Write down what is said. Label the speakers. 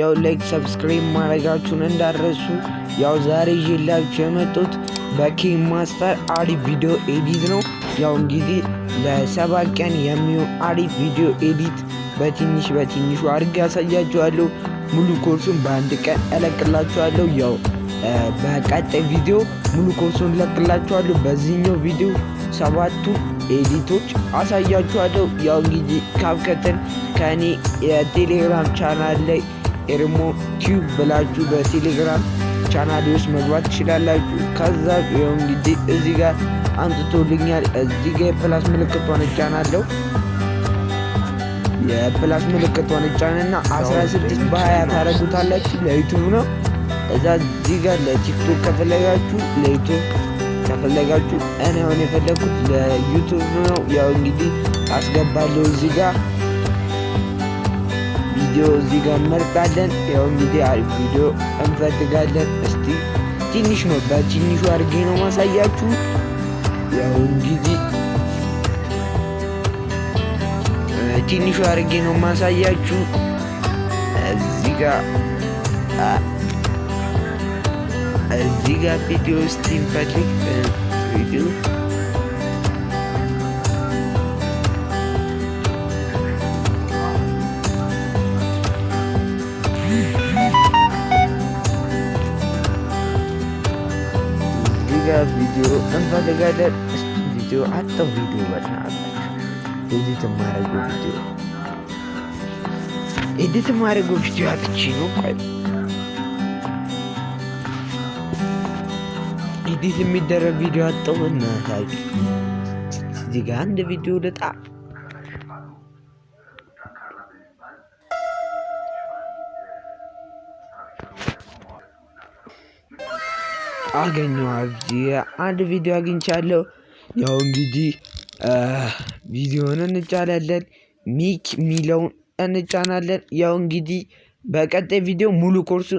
Speaker 1: ያው ላይክ ሰብስክራይብ ማድረጋችሁን እንዳረሱ። ያው ዛሬ ይዤላችሁ የመጡት በኪን ማስተር አሪፍ ቪዲዮ ኤዲት ነው። ያው እንግዲህ ለሰባት ቀን የሚሆን አሪፍ ቪዲዮ ኤዲት በትንሽ በትንሹ አድርጌ ያሳያችኋለሁ። ሙሉ ኮርሱን በአንድ ቀን እለቅላችኋለሁ። ያው በቀጣይ ቪዲዮ ሙሉ ኮርሱን እለቅላችኋለሁ። በዚህኛው ቪዲዮ ሰባቱ ኤዲቶች አሳያችኋለሁ። ያው እንግዲህ ካብከትን ከእኔ የቴሌግራም ቻናል ላይ ኤርሞ ኪዩብ ብላችሁ በቴሌግራም ቻናል ውስጥ መግባት ትችላላችሁ። ከዛ ይኸው እንግዲህ እዚ ጋር አንጥቶልኛል። እዚ ጋር የፕላስ ምልክቷን እጫናለሁ። የፕላስ ምልክቷን እጫንና 16 በ20 ታረጉታላችሁ። ለዩቱብ ነው። እዛ እዚ ጋር ለቲክቶክ ከፈለጋችሁ ለዩቱብ ከፈለጋችሁ እኔ አሁን የፈለግኩት ለዩቱብ ነው። ያው እንግዲህ አስገባለሁ እዚህ ጋር ቪዲዮ እዚህ ጋር እንመርጣለን። ያው እንግዲህ አሪፍ ቪዲዮ እንፈልጋለን። እስቲ ትንሽ ነው በትንሹ አድርጌ ነው ማሳያችሁ። ያው እንግዲህ ትንሹ አድርጌ ነው ማሳያችሁ እዚህ ጋር እዚህ ጋር ቪዲዮ እስቲ እንፈልግ እዚህ ጋር ቪዲዮ እንፈልጋለን። እስቲ ቪዲዮ አጣው። ቪዲዮ በእናትህ ኤዲት የማደርገው ቪዲዮ ኤዲት የማደርገው ቪዲዮ አጥቼ ነው። ቆይ ኤዲት የሚደረግ ቪዲዮ አጣው። እናታችሁ እዚህ ጋር አንድ ቪዲዮ ልጣ አገኘኋት አንድ ቪዲዮ አግኝቻለሁ። ያው እንግዲህ ቪዲዮን እንጫናለን ሚክ ሚለውን እንጫናለን። ያው እንግዲህ በቀጣይ ቪዲዮ ሙሉ ኮርሱ